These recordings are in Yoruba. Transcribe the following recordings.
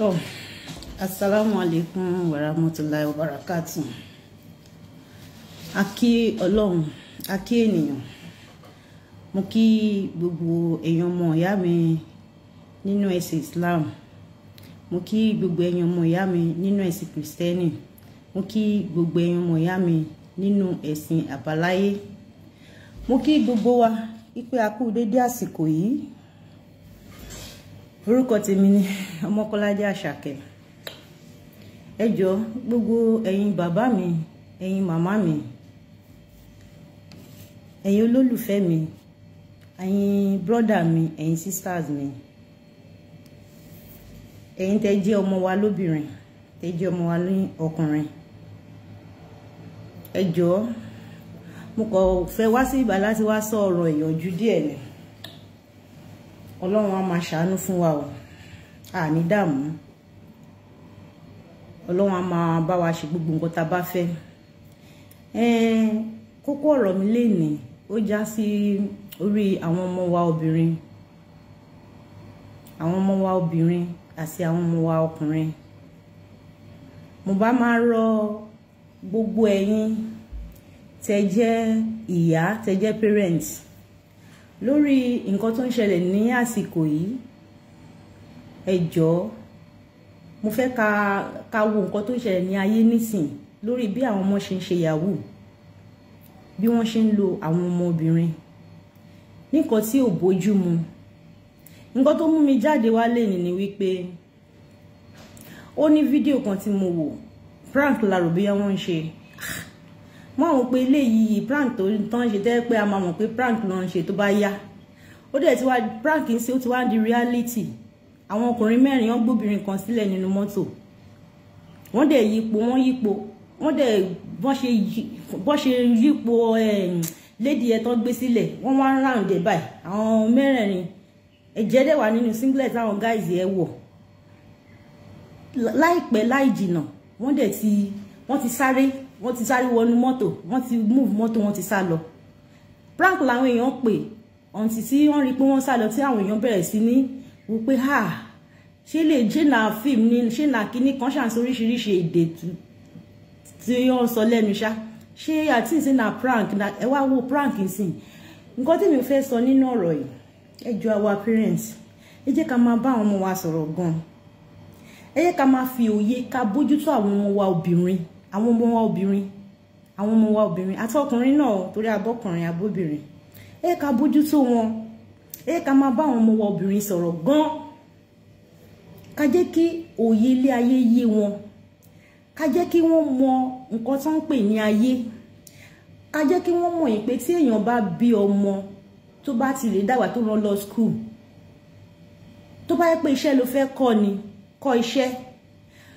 To, Assalamu alaikum warahmatullahi wabarakatuh. A kí Ọlọ́run, a kí ènìyàn. Mo kí gbogbo èèyàn ọmọ ìyá mi nínú ẹ̀sìn Islam. Mo kí gbogbo èèyàn ọmọ ìyá mi nínú ẹ̀sìn Kìrìsìtẹ́nì. Mo kí gbogbo èèyàn ọmọ ìyá mi nínú ẹ̀sìn àbáláyé. Mo kí gbogbo wa wípé a dédé àsìkò yìí orúkọ tèmi ni ọmọkọlájà àṣàkẹ́ ẹ jọ gbogbo ẹ̀yin bàbá mi ẹ̀yin màmá mi ẹ̀yin olólùfẹ́ mi ẹ̀yin brọ́dà mi ẹ̀yin sisters mi ẹ̀yin tẹ́ jẹ́ ọmọ wa lóbìnrin tẹ́ jẹ́ ọmọ wa ní ọkùnrin ẹ jọ mo kàn fẹ́ wá sí ibà láti wá sọ ọ̀rọ̀ ìyànjú díẹ̀ ni ọlọ́run á máa ṣàánú fún wa o àní dààmú ọlọ́run á máa bá wa ṣe gbogbo nǹkan tá a bá fẹ́ kókó ọ̀rọ̀ mi lénìí ó já sí orí àwọn ọmọ wa obìnrin àwọn ọmọ wa obìnrin àti àwọn ọmọ wa ọkùnrin mo bá máa rọ gbogbo ẹ̀yin tẹ́ jẹ́ ìyá tẹ́ jẹ́ parents lórí nǹkan tó ń ṣẹlẹ̀ ní àsìkò yìí ẹ jọ̀ọ́ mo fẹ́ ka ka wo nǹkan tó ń ṣẹlẹ̀ ní ayé nísìn lórí bí àwọn ọmọ ṣe ń ṣe yahoo bí wọ́n ṣe ń lo àwọn ọmọbìnrin nǹkan tí ò bójú mu nǹkan tó mú mi jáde wá lẹ́ni ni wípé ó ní fídíò kan tí mo wò prank la rò bí ń ṣe mọ́ àwọn pé eléyìí prank tó ń tán ṣe tẹ́ pé a máa mọ̀ pé prank ló ń ṣe tó bá yá ó dẹ̀ ti wá prank ń ṣe ó ti wá di reality àwọn ọkùnrin mẹ́rin wọ́n gbóbìnrin kan sílẹ̀ nínú mọ́tò wọ́n dẹ̀ yípo wọ́n yípo wọ́n dẹ̀ bọ́n ṣe yípo ehm, lady ẹ̀ tán gbé sílẹ̀ wọ́n wá ń round ẹ̀ báyìí àwọn mẹ́rẹ̀ẹ̀rin ẹ̀jẹ̀ dẹ̀ wà nínú singlet àwọn guys ẹ̀ wọ̀ láìpẹ́ láì jìnnà wọ́n dẹ̀ ti wọ́n ti sáré wọ́n ti sáré wọnú mọ́tò wọ́n ti move mọ́tò wọ́n ti sá lọ prank làwọn èèyàn pè ọ̀ǹtì tí wọ́n rí pé wọ́n sá lọ tí àwọn èèyàn bẹ̀rẹ̀ sí ní pé ha ṣé lè ṣé na fíìmù ni ṣé nà kíní kan ṣàǹsí oríṣiríṣi èdè tí wọ́n sọ lẹ́nu ṣé àti ìsìn na prank ẹ wá wo prank ìsìn nǹkan tí mi fẹ́ sọ nínú ọ̀rọ̀ yìí àwọn ọmọ wa obìnrin àwọn ọmọ wa obìnrin àti ọkùnrin náà torí abọ́kùnrin abóbìnrin ẹ ká bójútó wọn ẹ ká máa bá àwọn ọmọ wa obìnrin sọ̀rọ̀ gan ká jẹ́ kí òye ilé ayé yé wọn ká jẹ́ kí wọ́n mọ nǹkan tó ń pè ní ayé ká jẹ́ kí wọ́n mọ̀ yìí pé tí èèyàn bá bí ọmọ tó bá ti lè dàgbà tó rán lọ school tó bá yẹ pé iṣẹ́ ló fẹ́ kọ́ ni kọ́ iṣẹ́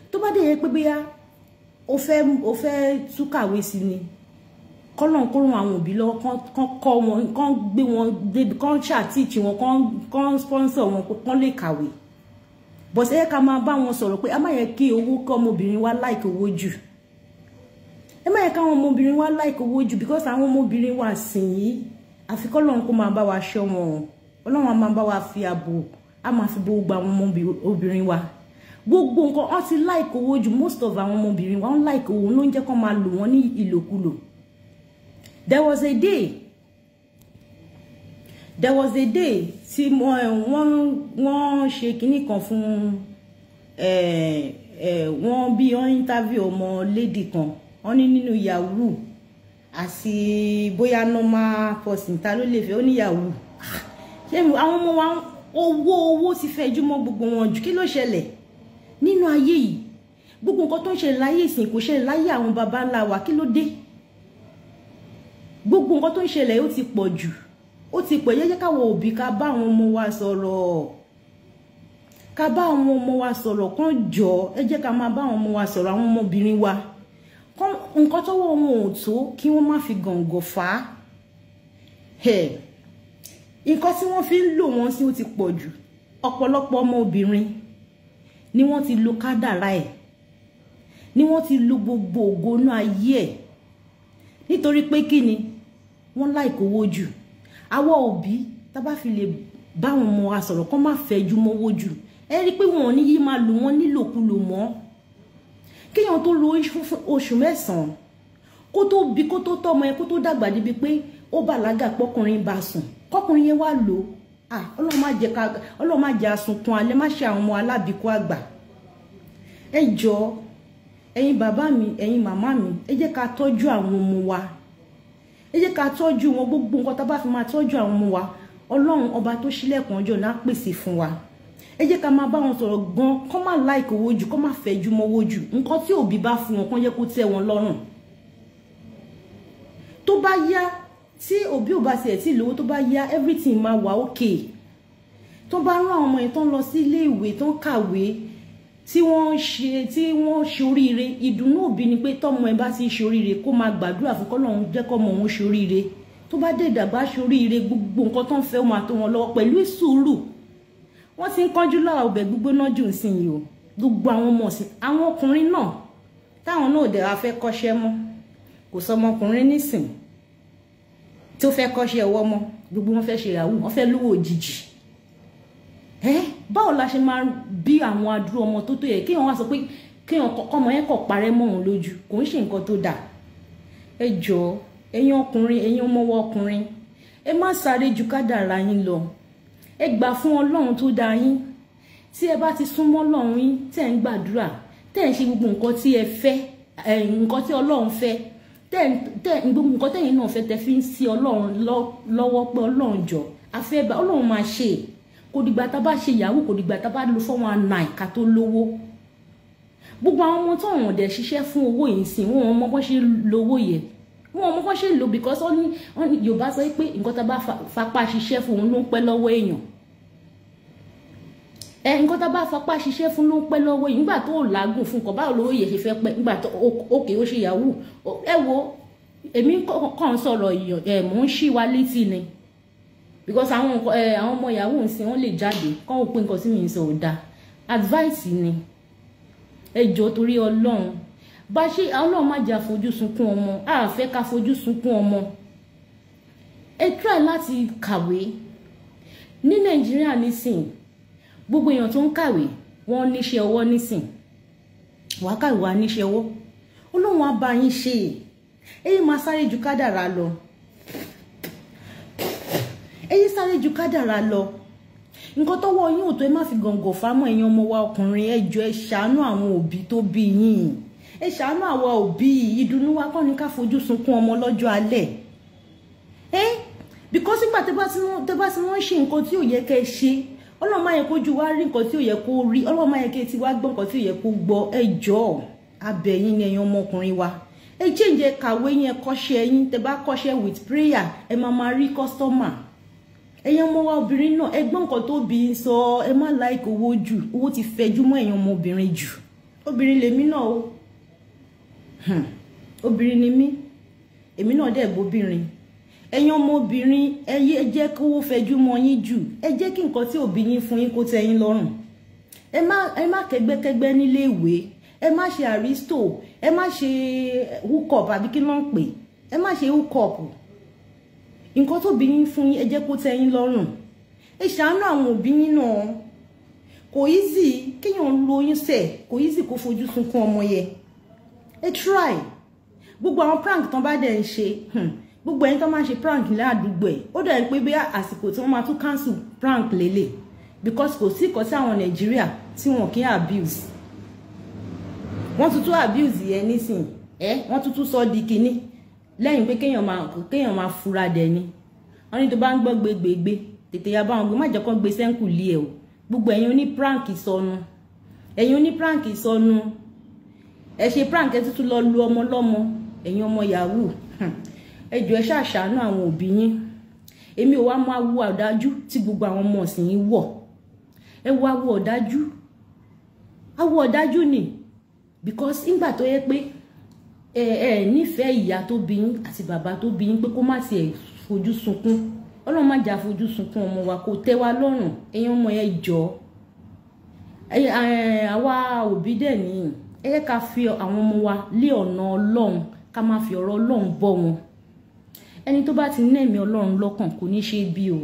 tó bá dé yẹ pé bóyá ó fẹ́ ó fẹ́ túkàwé sí ni kọ́lọ́n kó ran àwọn òbí lọ́wọ́ kán kọ́ wọn kán gbé wọn débi kán ṣàtìtì wọn kán kán sponsor wọn kán lè kàwé bọ̀sẹ̀ yẹ ká máa bá wọn sọ̀rọ̀ pé a má yẹ kí owó kọ́ ọmọbìnrin wa láìkí owó jù ẹ má yẹ káwọn ọmọbìnrin wa láìkí owó jù because àwọn ọmọbìnrin wa sìn yìí àfi kọ́lọ́n kó máa bá wa ṣọ́ wọn ọlọ́run a máa bá wa fi ààbò a máa fi bo gbogbo àwọn ọmọbìnrin wa gbogbo nǹkan wọn ti láìkó owó ju most of àwọn ọmọbìnrin wa ń láìkó owó ló ń jẹ́ kó máa lò wọ́n ní ìlòkulò there was a day there was a day tí wọ́n wọ́n ṣe kinní kan fún wọ́n bí wọ́n interview ọmọ lady kan wọ́n ní nínú yahoo àti bóyá normal person ta ló lè fẹ́ ó ní yahoo ah, ṣé àwọn ọmọ wa owó owó ti fẹjú mọ́ gbogbo wọn jù kí ló ṣẹlẹ̀ nínú ayé yìí gbogbo nǹkan tó ń ṣẹlẹ̀ láyé ìsìn kò ṣẹlẹ̀ láyé àwọn baba ńlá wa kí ló dé gbogbo nǹkan tó ń ṣẹlẹ̀ ó ti pọ̀ jù ó ti pọ̀ yẹ́yẹ́ káwọn òbí ká bá àwọn ọmọ wa sọ̀rọ̀ ká bá àwọn ọmọ wa sọ̀rọ̀ kán jọ ẹ jẹ́ ká máa bá àwọn ọmọ wa sọ̀rọ̀ àwọn ọmọbìnrin wa nǹkan tọ́wọ́ wọn ò tó kí wọ́n má fi gàngàn fà á nǹkan tí wọ́n fi ń lò wọ́n sí ó ti pọ̀ jù ọ̀pọ̀lọpọ̀ ọmọ ni wọ́n ti lo kádàrá ẹ̀ ni wọ́n ti lo gbogbo ògo inú ayé ẹ̀ nítorí pé kí ni wọ́n láìkó owó jù àwọn òbí tá bá fi lè báwọn ọmọ wa sọ̀rọ̀ kó má fẹjú mọ́wó jù ẹ rí i pé wọn ò ní yí máa lò wọ́n nílòkulò mọ́ kéèyàn tó lo oṣù mẹ́sàn-án kó tó bí kó tó tọ́ ọmọ yẹn kó tó dàgbà débi pé ó bàlágà pọ́kùnrin bá sùn kọ́kùnrin yẹn wá lò ó ọlọ́run má jẹ́ ká ọlọ́run má jẹ́ asunkun alẹ́ má ṣe àwọn ọmọ alábìkú àgbà ẹ jọ ẹ̀yin bàbá mi ẹ̀yin màmá mi ẹ jẹ́ ká tọ́jú àwọn ọmọ wa ẹ jẹ́ ká tọ́jú wọn gbogbo nǹkan tá a bá fi máa tọ́jú àwọn ọmọ wa ọlọ́run ọba tó ṣílẹ̀kùn ọjọ́ náà pèsè fún wa ẹ jẹ́ ká máa bá wọn sọ̀rọ̀ gan kọ́ máa láìkò owó jù kọ́ máa fẹ̀jú mọ́wó jù nǹkan tí òbí bá fún wọn kán jẹ́ kó tẹ́ wọn lọ́rùn tó bá yá tí òbí ò bá tiẹ̀ tí lówó tó bá yá everything máa wà òkè tó bá rán àwọn ọmọ yẹn tó ń lọ sí ilé ìwé tó ń kàwé tí wọ́n ń ṣe tí wọ́n ṣoríire ìdùnnú òbí ni pé tọ́mọ ẹ bá ti ṣoríire kó máa gbàdúrà fún kọ́lọ́run jẹ́ kọ́mọ òun ṣoríire tó bá dé ìdàgbà ṣoríire gbogbo nǹkan tó ń fẹ́ máa tó wọn lọ́wọ́ pẹ̀lú ìsùúrù wọ́n ti ń kánjú lára ọbẹ̀ gbígbóná jù sìn yìí o gbogbo àwọn ọmọ ọ̀sìn àwọn ọkùnrin náà táwọn náà dẹ̀ wá fẹ́ kọ́ṣẹ́ mọ́ kò sọmọkùnrin nísìn tó fẹ́ kọ́ṣẹ́ ọwọ́ mọ́ gbogbo wọn fẹ́ ṣe ìyàwó wọn fẹ́ lówó òjijì ẹ báwo la ṣe máa bí àwọn adúrú ọmọ tó tó yẹ kí wọn wá sọ pé kí wọn ọmọ yẹn kọ̀ parẹ́ mọ́ òun lójú kò ń ṣe nǹkan tó dáa ẹ jọ ẹ̀yin ọkùnrin ẹ̀yin ọmọwọ́ ọkùnrin ẹ má sáré ju kádàrá yín lọ ẹ gbà fún Ọlọ́run tó dá yín tí ẹ bá ti súnmọ́ Ọlọ́run yín tẹ̀ ń gbàdúrà tẹ̀ ń ṣe gbogbo nǹkan tí ẹ fẹ́ nǹkan tí Ọlọ́run fẹ́ gbogbo nǹkan tẹ̀yìn náà fẹ́ tẹ́ fi ń sí ọlọ́run lọ́wọ́ pé ọlọ́run jọ afẹ́ bá ọlọ́run máa ṣe kò dìgbà tá a bá ṣe yahoo kò dìgbà tá a bá lo four one nine ká tó lówó gbogbo àwọn ọmọ tó àwọn ọ̀dẹ̀ ṣiṣẹ́ fún owó yìí sìn wọn ọmọ bọ́n ṣe lówó yẹ wọn ọmọ bọ́n ṣe lò because ó ní Yorùbá sọ pé nǹkan tá a bá fapá ṣiṣẹ́ fún òun ló ń pẹ́ lọ́wọ́ èèyàn ẹ nǹkan tá a bá fapá ṣiṣẹ́ fún ló ń pẹ́ lọ́wọ́ yìí nígbà tó làágùn fún kan báwo lówó yẹ ṣe fẹ́ pẹ́ nígbà tó òkè ó ṣe yahoo ẹ wo èmi kàn sọ̀rọ̀ ẹ̀ mò ń ṣì wá létí ni because àwọn àwọn ọmọ yahoo ń sin wọn lè jáde kán ò pé nǹkan tí mi ń sọ ò dáa advice ni ẹ jọ torí ọlọ́run bá ṣe ọlọ́run má jà fojú sunkún ọmọ a fẹ́ ká fojú sunkún ọmọ ẹ try láti kàwé ní nàìjíríà nísìnyí gbogbo èèyàn tó ń kàwé wọ́n níṣẹ́ ọwọ́ nísìn wàá kàwé wàá níṣẹ́ ọwọ́ Ọlọ́run á bá yín ṣe èyí máa sáré ju kádàrá lọ èyí sáré ju kádàrá lọ nǹkan tọ́wọ́ yín ò tó ẹ má fi gàngàn fámọ́ ẹ̀yin ọmọ wa ọkùnrin ẹ jọ̀ọ́ ẹ ṣàánú àwọn òbí tó bí yín ẹ ṣàánú àwa òbí ìdùnnú wa kọ́ ni ká fojú sunkún ọmọ lọ́jọ́ alẹ́ ẹ bìkọ́sí gbà tẹ́ bá ti wọ́n ṣe nǹkan tí ò yẹ kẹ́ ẹ ṣe ọlọ́run máa yẹ kójú wa rí nǹkan tí ò yẹ kó rí ọlọ́run máa yẹ kí etí wa gbọ́ nǹkan tí ò yẹ kó gbọ́ ẹ abẹ́yìn ni ẹ̀yin ọmọkùnrin wa ẹ jẹ́ǹjẹ́ kàwé yẹn kọ́ṣẹ́ yín tẹ bá kọ́ṣẹ́ with prayer ẹ máa máa rí kọ́sọ́mà ẹ̀yin ọmọ wa obìnrin náà ẹ gbọ́ nǹkan tó bí ń sọ ẹ má láìkí owó jù owó ti fẹjú mọ́ ẹ̀yin ọmọ obìnrin jù obìnrin lèmi náà o hmm. obìnrin ni mí èmi náà dẹ̀ bóbìnrin ẹ̀yin ọmọbìnrin ẹ yé jẹ́ kówó fẹjú mọ́ yín jù ẹ jẹ́ kí nǹkan tí òbí yín fún yín kó tẹ́ yín lọ́rùn ẹ má ẹ má kẹ́gbẹ́kẹ́gbẹ́ nílé ìwé ẹ má ṣe àrísítò ẹ má ṣe hookup àbí kí ló ń pè ẹ má ṣe hookup nǹkan tó bí yín fún yín ẹ jẹ́ kó tẹ́ yín lọ́rùn ẹ ṣàánú àwọn òbí yín náà kò easy kéèyàn lóyún sẹ̀ kò easy kó fojú sunkún ọmọ yẹ ẹ try gbogbo àwọn prank tán bá dẹ̀ ń ṣe hmm, gbogbo ẹni tó máa ń ṣe prank ládùúgbò ẹ̀ ó dẹ̀ pé bí àsìkò tí wọ́n máa tún cancel prank lélẹ̀ because kò sí ìkọ́sí àwọn nàìjíríà tí wọn kì í abuse wọ́n tún tún abuse yẹn nísìnyí ẹ wọ́n tún tún sọ di kinní lẹ́yìn pé kéèyàn máa kéèyàn máa fura dẹni wọ́n ní tó bá ń gbọ́ gbégbégbé tètè ya bá wọn gbé má jẹ́ kán gbé sẹ́ńkù lé ẹ̀ o gbogbo ẹ̀yin oní prank sọnù ẹ̀yin oní prank sọnù ẹ ṣe prank ẹ tuntun lọ lu ọmọ lọ́mọ ẹ̀yin ọmọ yahoo ẹ jọ̀ọ́ ẹ ṣàṣàánú àwọn òbí yín èmi ò wá mọ awo ọ̀dájú tí gbogbo àwọn ọmọ ọ̀sìn yín wọ̀ ẹ wo awo ọ̀dájú awo ọ̀dájú ni because ńgbà tó yẹ pé ẹ ẹ nífẹ̀ẹ́ ìyá tó bí yín àti bàbá tó bí yín pé kó má tiẹ̀ fojú sunkún ọlọ́run má jà fojú sunkún ọmọ wa kò tẹ́ wa lọ́rùn ẹ̀yin ọmọ ẹ jọ̀ọ́ àwa òbí dẹ̀ nìyí ẹ ká fi àwọn ọmọ wa lé ọ̀nà ọlọ́run ká má fi ọ̀rọ̀ ọlọ́run bọ́ wọn ẹni tó bá ti ní ẹ̀mí ọlọ́run lọ́kàn kò ní ṣe bí o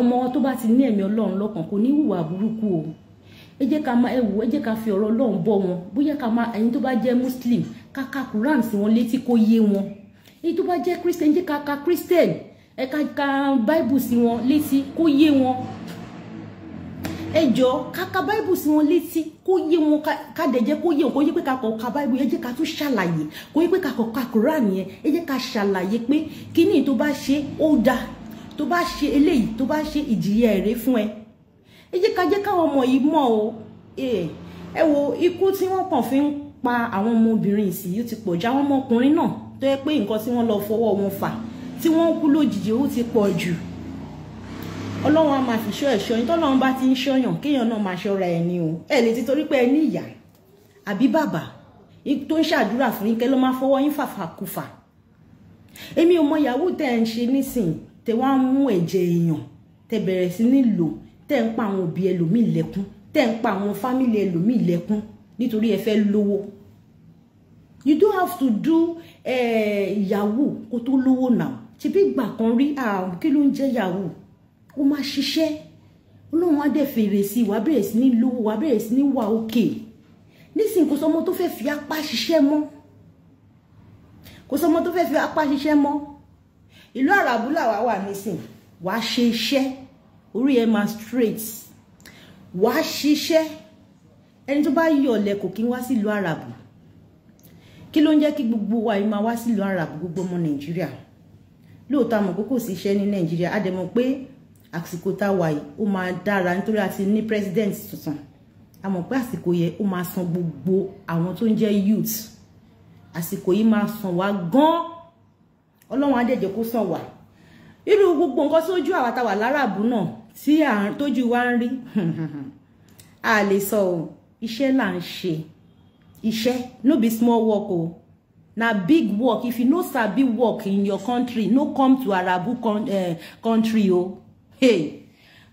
ọmọ tó bá ti ní ẹ̀mí ọlọ́run lọ́kàn kò ní hùwà burúkú o ẹ jẹ́ ká máa ẹ wò ẹ jẹ́ ká fi ọ̀rọ̀ ọlọ́run bọ́ wọn bóyá ká máa ẹni tó bá jẹ́ muslim ká ka quran sí wọn létí kó yé wọn èyí tó bá jẹ́ christian jẹ́ ká ka christian ẹ ká ka bible sí wọn létí kó yé wọn ẹ jọ ká ka báìbù sí wọn létí kó yé wọn ká dẹ̀ kó yé wọn kó yé pé kakọ̀ ka báìbù ẹ jẹ́ ká tún ṣàlàyé kó yé pé kakọ̀ ka Quran yẹn ẹ jẹ́ ká ṣàlàyé pé kíní tó bá ṣe ó dáa tó bá ṣe eléyìí tó bá ṣe ìjìyà èrè fún ẹ ẹ jẹ́ ká jẹ́ káwọn ọmọ yìí mọ̀ o ẹ wo ikú tí wọ́n kàn fi ń pa àwọn ọmọbìnrin ìsìyí ti pọ̀ jù àwọn ọmọkùnrin náà tó yẹ pé nǹkan tí wọ́n lọ fọwọ́ wọn fà tí wọ́n kú lójijì ó ti pọ̀ jù ọlọ́run á máa fi ṣọ́ ẹ̀ṣọ́ yín tọ́lọ́run bá ti ń ṣọ́yàn kéèyàn náà máa ṣọ́ra ẹni o ẹ lè ti torí pé ẹ ní ìyá àbí bàbá tó ń ṣàdúrà fún yín kẹ́ ló máa fọwọ́ yín fàfàkùfà èmi ò mọ ìyàwó tẹ́ ẹ̀ ń ṣe nísìn tẹ́ wá ń mú ẹ̀jẹ̀ èèyàn tẹ́ bẹ̀rẹ̀ sí ní lò tẹ́ ń pa àwọn òbí ẹlòmíì lẹ́kún tẹ́ ń pa àwọn fámìlì ẹlòmíì lẹ́kún nítorí ẹ fẹ́ lówó you don't have to do eh, ìyàwó kó tó lówó náà ṣe bí gbà kan rí kí ló ń jẹ́ yahoo ó máa ṣiṣẹ́ ọlọ́run á dẹ̀ fèrè sí i wàá bẹ̀rẹ̀ sí ní lówó wàá bẹ̀rẹ̀ sí ní wà òkè nísìnyí kò sọmọ tó fẹ́ fi apá ṣiṣẹ́ mọ́ kò sọmọ tó fẹ́ fi apá ṣiṣẹ́ mọ́ ìlú àràbù làwa wà nísìn wàá ṣe iṣẹ́ orí ẹ̀ máa straight wàá ṣiṣẹ́ ẹni tó bá yọ̀ lẹ́kọ̀ọ́ kí n wá sílùú àràbù kí ló ń jẹ́ kí gbogbo wa yìí máa wá sílùú àràbù gbogbo ọmọ nàìjíríà lóòótọ́ àmọ̀ pé sí iṣẹ́ ní nàìjíríà á pé àsìkò tá a wà yìí ó máa dára nítorí a ti ní president tuntun a mọ̀ pé àsìkò yẹn ó máa san gbogbo àwọn tó ń jẹ́ youth àsìkò yìí máa san wá gan ọlọ́run adẹ́jẹ́ kó san wá irú gbogbo nǹkan tójú àwàtàwà láràbù náà tí tójú wa ń rí a lè sọ o iṣẹ́ là ń ṣe iṣẹ́ no be small work o na big work if you no sabi work in your country no come to arabu con, uh, country o. Oh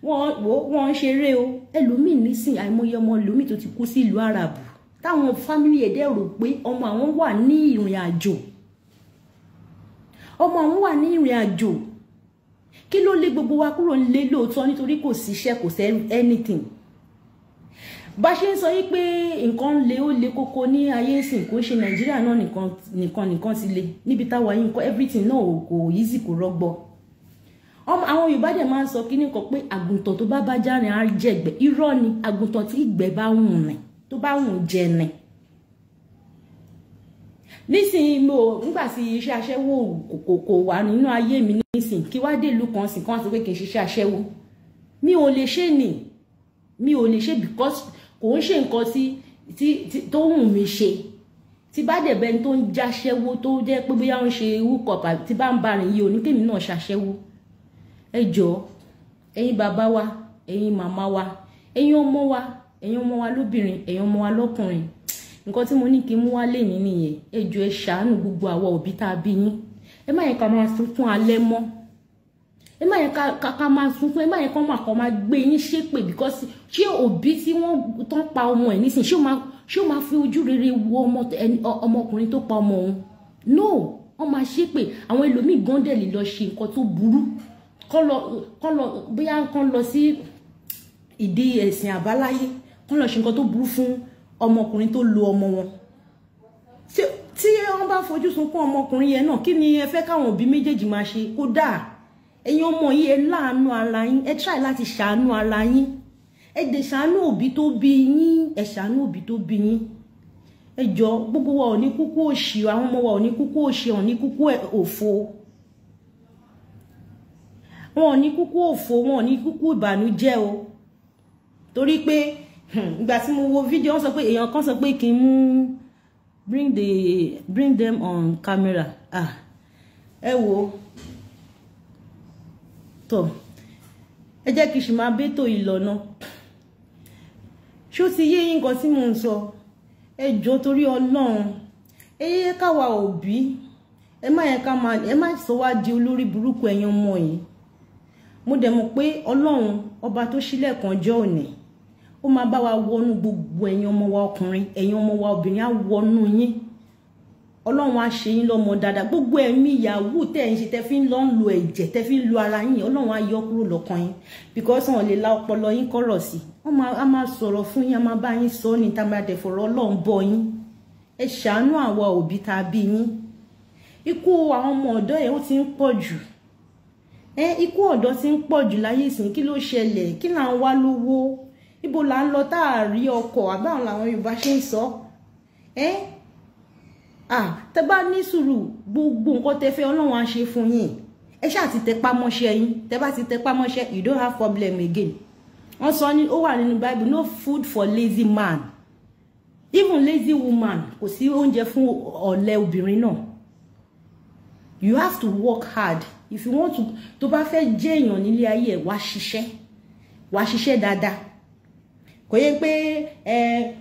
wọ́n wọ́n ń ṣeré o ẹlòmíì nísìn àìmọye ọmọ ẹlòmíì tó ti kú sí ìlú arabu táwọn fámìlì ẹ̀dẹ́ rò pé ọmọ àwọn wà ní ìrìn àjò ọmọ àwọn wà ní ìrìn àjò kí ló lé gbogbo wa kúrò nílé lóòótọ́ nítorí kò síṣẹ́ kò sẹ́ anything bá ṣe ń sọ yí pé nǹkan le ó le kókó ní ayé ìsìn kó ṣe nàìjíríà náà nìkan nìkan ti le níbi táwa yìí nǹkan everything náà kò easy kò rọgbọ àwọn Yorùbá dẹ̀ máa ń sọ kíní kan pé àgùntàn tó bá bá járin á jẹ̀gbẹ́ irọ́ ni àgùntàn tí ìgbẹ́ bá wùn rìn tó bá wùn jẹ ni nísìnyí mo nígbà tí iṣẹ́ aṣẹ́wó kò wà nínú ayé mi nísìn kí wá dé ìlú kan sì kan sí pé kì í ṣiṣẹ́ aṣẹ́wó mi ò lè ṣe nì mi ò lè ṣe because kò ń ṣe nǹkan tí tí tó wù mí ṣe tí bá dẹ̀ bẹni tó ń jáṣẹ́wó tó jẹ́ pé bóyá ń ṣe wúkọ̀ tí bá ń bá rìn yìí oníkèmí náà ṣaṣẹ́wó ẹ jọ̀ọ́ ẹ̀yin bàbá wa ẹ̀yin màmá wa ẹ̀yin ọmọ wa ẹ̀yin ọmọ wa lóbìnrin ẹ̀yin ọmọ wa lọ́kùnrin nǹkan tí mo ní kí n mú wá lè ní nìyẹn ẹ jọ̀ọ́ ẹ ṣàánú gbogbo àwa òbí tá a bí yín ẹ má yẹ ká máa sunkún alẹ́ mọ́ ẹ má yẹ ká máa sunkún ẹ má yẹ kán máa kọ́ máa gbé yín ṣépè because ṣé òbí tí wọ́n tán pa ọmọ ẹ̀ nísìnyí ṣé ó máa ṣé ó máa fi ojú rere wo ọmọkùnrin tó pa ọmọ òun no wọ́n máa ṣépè àwọn ẹlòmíì gán dẹ̀ lè lọ ṣe nǹkan tó burú kán lọ kán lọ bóyá kán lọ sí ìdí ẹ̀sìn àbáláyé kán lọ ṣe nǹkan tó burú fún ọmọkùnrin tó lo ọmọ wọn tí wọn bá fojú sunkún ọmọkùnrin yẹn náà kí ni ẹ fẹ́ káwọn òbí méjèèjì máa ṣe kódà ẹ̀yin ọmọ yìí ẹ láàánú ara yín ẹ tíráì láti ṣàánú ara yín ẹ dẹ̀ ṣàánú òbí tó bí yín ẹ ṣàánú òbí tó bí yín ẹ jọ gbogbo wa ò ní kúkú òṣì àwọn ọmọ wa ò ní kúkú òṣì ò ní kúkú òfo wọn ò ní kúkú òfò wọn ò ní kúkú ìbànújẹ́ o torí pé hmm, ìgbà tí mo wo fídíò wọn sọ pé èèyàn kan sọ pé kí n mú bring the bring them on camera ah ẹ wo tọ ẹ jẹ́ kí n sì máa bẹ́tò ìlọ́nà ṣó ti yé yín nǹkan tí mò ń sọ ẹ jọ torí ọlọ́run ẹ yẹ káwa òbí ẹ má yẹ ká máa ẹ má sọ wá di olórí burúkú ẹ̀yin ọmọ yìí mo dẹ̀ mọ̀ pé ọlọ́run ọba tó ṣílẹ̀kùn ọjọ́ òní ó máa bá wa wọnú gbogbo ẹ̀yin ọmọ wa ọkùnrin ẹ̀yin ọmọ wa obìnrin á wọnú yín ọlọ́run á ṣe yín lọ́mọ dáadáa gbogbo ẹ̀mí ìyàwó tẹ̀ ń ṣe tẹ́ fi ń lọ lo ẹ̀jẹ̀ tẹ́ fi ń lo ara yín ọlọ́run á yọ kúrò lọ́kàn yín because wọn lè la ọpọlọ yín kọ̀rọ̀ sí wọn á máa sọ̀rọ̀ fún yín á máa bá yín sọ ní tàbí fọ̀rọ̀ ọlọ́run bọ yín ẹ ṣàánú àwa òbí tá a bí yín ikú àwọn ọmọ ọ̀dọ́ yẹn ó ti ń pọ̀ jù ẹ ikú ọ̀dọ́ ti ń pọ̀ jù láyé ìsìn kí ló ṣẹlẹ̀ kí là ń wá lówó ibo là ń lọ tá a rí ọkọ̀ àbáwọn làwọn Yorùbá ṣe ń sọ ẹ tẹ bá ní sùúrù gbogbo nǹkan tẹ fẹ́ Ọlọ́run á ṣe fún yín ẹ ṣáà ti tẹpá mọ́ṣẹ́ yín tẹ bá ti tẹpá mọ́ṣẹ́ you don't have problem again wọ́n sọ ni ó wà nínú Bible no food for lazy man even lazy woman kò sí oúnjẹ fún ọ̀lẹ obìnrin náà you have to work hard if you want to To ba fe jẹ́ èèyàn nílé ayé ẹ̀ wá ṣiṣẹ́ wá ṣiṣẹ́ dáadáa kò yẹ pé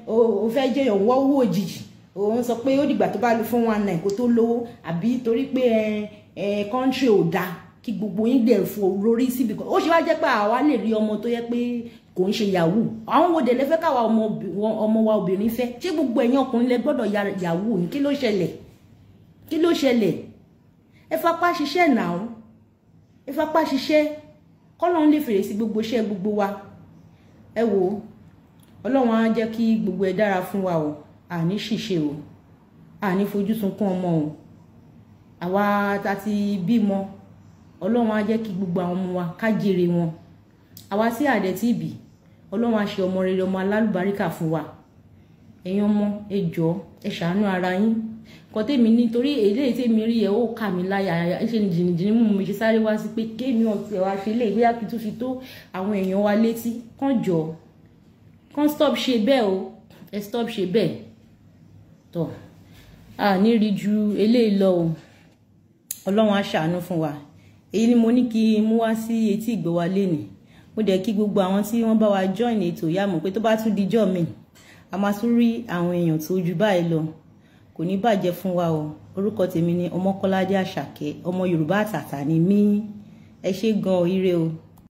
o fẹ́ jẹ́ èèyàn wọ́n owó òjijì òun sọ pé ó dìgbà tó bá lu fún one nine kó tó lówó àbí torí pé ẹ country o da. kí gbogbo yín dẹ̀ fò lórí síbi kan ó ṣe wá jẹ́ pé àwa lè rí ọmọ tó yẹ pé kò ń ṣe yahoo àwọn wo dẹ̀ lẹ́fẹ́ káwa ọmọ wa obìnrin fẹ́ ṣé gbogbo ẹ̀yin ọkùnrin lẹ gbọ́dọ̀ yahoo ni kí ló ṣẹlẹ̀ kí ló ṣẹlẹ̀ ẹ fapá ṣiṣẹ́ nàá ẹ fapá ṣiṣẹ́ kọ́lọ́run lè fèrè sí gbogbo iṣẹ́ gbogbo wa ẹ wò ó ọlọ́run á jẹ́ kí gbogbo ẹ dára fún wa o àní ṣìṣe o àní fojú sunkún ọmọ o àwa ta ti bímọ ọlọ́run á jẹ́ kí gbogbo àwọn ọmọ wa ká jèrè wọn àwa tí àdẹ tí bì ọlọ́run á ṣe ọmọ rere ọmọ alálùbáríkà fún wa ẹ̀yin ọmọ ẹ jọ̀ọ́ ẹ ṣàánú ara yín bọ́tẹ́ mi nítorí eléyìí tí mi rí yẹ ó kà mí láyà ṣe ni jìnnìjìnnì mú mi ṣe sáré wá sí pé kéèmí ọtí ẹ̀ wá ṣe lè bóyá kí fi tó àwọn èèyàn wa létí kàn jọ kàn stop ṣe bẹ́ẹ̀ o ẹ stop ṣe bẹ́ẹ̀ tọ́ a ní rí ju eléyìí lọ o ọlọ́run á ṣàánú fún wa èyí ni mo ní kí n mú wá sí etí ìgbọ́ wa lénìí mo dẹ̀ kí gbogbo àwọn tí wọ́n bá wa join ètò ìyá mọ̀ pé tó bá tún dijọ́ mi a tún rí àwọn èèyàn tó ju báyìí lọ kò ní bàjẹ́ fún wa o orúkọ tèmi ni ọmọkọ́ládé àṣàkẹ́ ọmọ yorùbá àtàtà ni mí ẹ ṣé gan ire o.